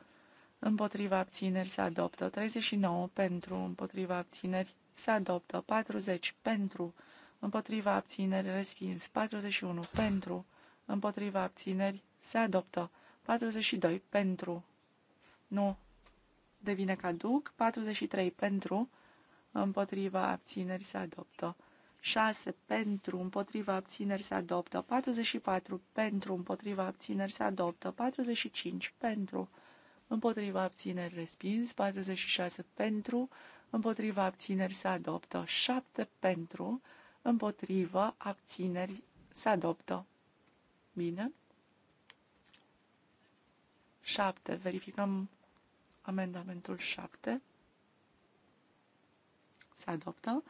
Speaker 5: împotriva abțineri, se adoptă. 39 pentru, împotriva abțineri, se adoptă. 40 pentru, împotriva abțineri, respins. 41 pentru, împotriva abțineri, se adoptă. 42 pentru, nu devine caduc, 43 pentru, împotriva abțineri se adoptă. 6 pentru, împotriva abțineri se adoptă, 44 pentru, împotriva abțineri se adoptă, 45 pentru, împotriva abțineri respins, 46 pentru, împotriva abțineri se adoptă, 7 pentru, împotriva abțineri se adoptă. Bine? 7. Verificăm amendamentul 7. Se adoptă.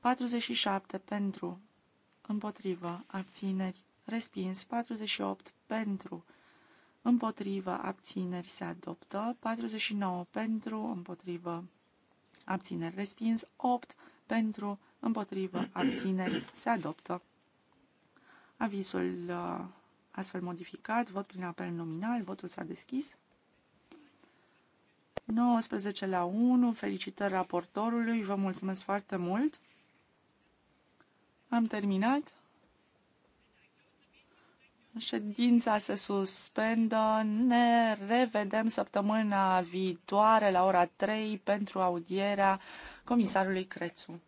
Speaker 5: 47 pentru, împotrivă, abțineri, respins. 48 pentru, împotrivă, abțineri, se adoptă. 49 pentru, împotrivă, abțineri, respins. 8 pentru, împotrivă, abțineri, se adoptă. Avizul uh, astfel modificat, vot prin apel nominal, votul s-a deschis. 19 la 1, felicitări raportorului, vă mulțumesc foarte mult. Am terminat. Ședința se suspendă. Ne revedem săptămâna viitoare la ora 3 pentru audierea comisarului Crețu.